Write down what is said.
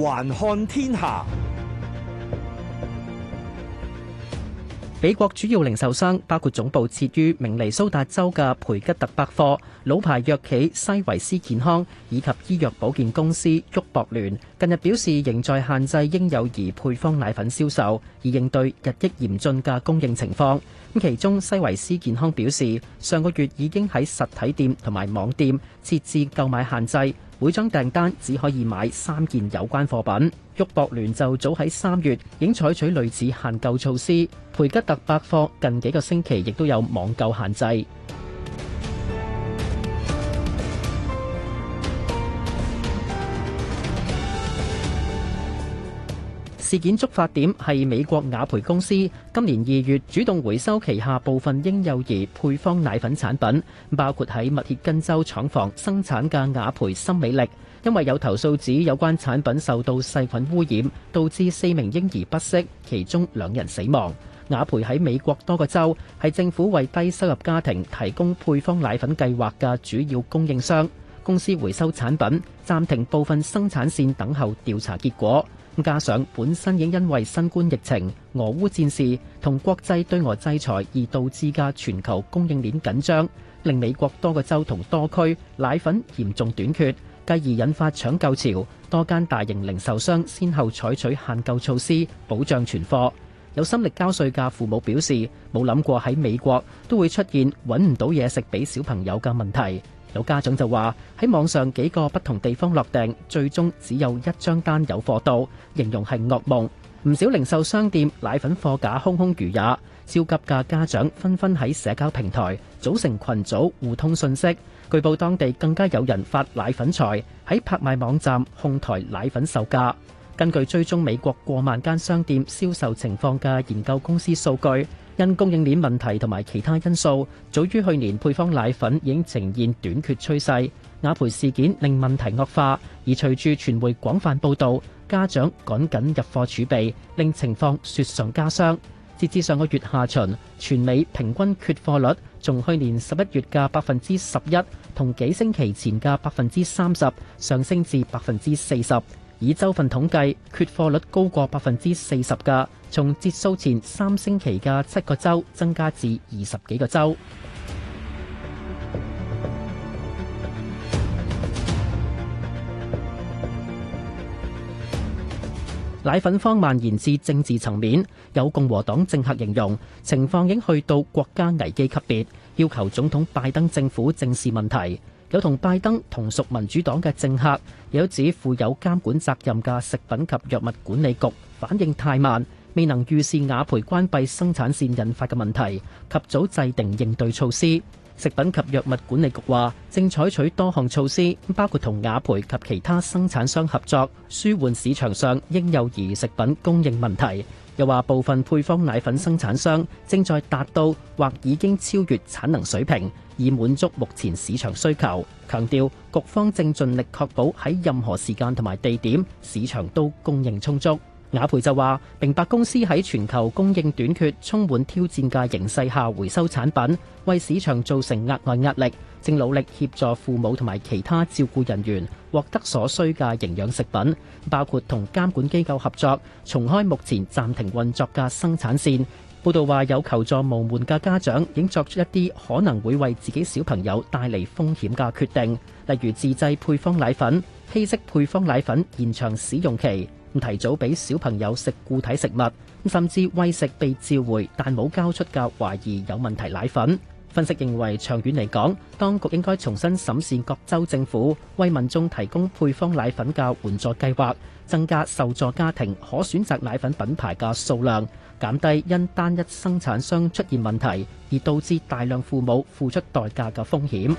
環看天下，美國主要零售商包括總部設於明尼蘇達州嘅培吉特百貨、老牌藥企西維斯健康以及醫藥保健公司沃博聯，近日表示仍在限制嬰幼兒配方奶粉銷售，以應對日益嚴峻嘅供應情況。咁其中，西維斯健康表示，上個月已經喺實體店同埋網店設置購買限制。每張訂單只可以買三件有關貨品。沃博聯就早喺三月已經採取類似限購措施。培吉特百貨近幾個星期亦都有網購限制。事件觸發點係美國雅培公司今年二月主動回收旗下部分嬰幼兒配方奶粉產品，包括喺密歇根州廠房生產嘅雅培心美力，因為有投訴指有關產品受到細菌污染，導致四名嬰兒不適，其中兩人死亡。雅培喺美國多個州係政府為低收入家庭提供配方奶粉計劃嘅主要供應商。公司回收產品，暫停部分生產線，等候調查結果。加上本身已經因為新冠疫情、俄烏戰事同國際對俄制裁而導致嘅全球供應鏈緊張，令美國多個州同多區奶粉嚴重短缺，繼而引發搶購潮。多間大型零售商先後採取限購措施，保障存貨。有心力交瘁嘅父母表示，冇諗過喺美國都會出現揾唔到嘢食俾小朋友嘅問題。有家長就話：喺網上幾個不同地方落訂，最終只有一張單有貨到，形容係噩夢。唔少零售商店奶粉貨架空空如也，焦急嘅家長紛紛喺社交平台組成群組互通訊息。據報當地更加有人發奶粉財，喺拍賣網站哄抬奶粉售價。根據追蹤美國過萬間商店銷售情況嘅研究公司數據。因供應鏈問題同埋其他因素，早於去年配方奶粉已經呈現短缺趨勢，雅培事件令問題惡化，而隨住傳媒廣泛報道，家長趕緊入貨儲備令情況雪上加霜。截至上個月下旬，全美平均缺貨率從去年十一月嘅百分之十一，同幾星期前嘅百分之三十上升至百分之四十。以州份統計，缺貨率高過百分之四十嘅，從節蘇前三星期嘅七個州增加至二十幾個州。奶 粉荒蔓延至政治層面，有共和黨政客形容情況已經去到國家危機級別，要求總統拜登政府正視問題。有同拜登同屬民主黨嘅政客，有指負有監管責任嘅食品及藥物管理局反應太慢，未能預示雅培關閉生產線引發嘅問題及早制定應對措施。食品及藥物管理局話正採取多項措施，包括同雅培及其他生產商合作，舒緩市場上嬰幼兒食品供應問題。又話部分配方奶粉生產商正在達到或已經超越產能水平，以滿足目前市場需求。強調各方正盡力確保喺任何時間同埋地點市場都供應充足。雅培就話，明白公司喺全球供應短缺、充滿挑戰嘅形勢下回收產品，為市場造成額外壓力。正努力協助父母同埋其他照顧人員獲得所需嘅營養食品，包括同監管機構合作重開目前暫停運作嘅生產線。報道話，有求助無門嘅家長，已經作出一啲可能會為自己小朋友帶嚟風險嘅決定，例如自製配方奶粉、稀釋配方奶粉延長使用期，提早俾小朋友食固體食物，甚至餵食被召回但冇交出嘅懷疑有問題奶粉。分析認為，長遠嚟講，當局應該重新審視各州政府為民眾提供配方奶粉嘅援助計劃，增加受助家庭可選擇奶粉品牌嘅數量，減低因單一生產商出現問題而導致大量父母付出代價嘅風險。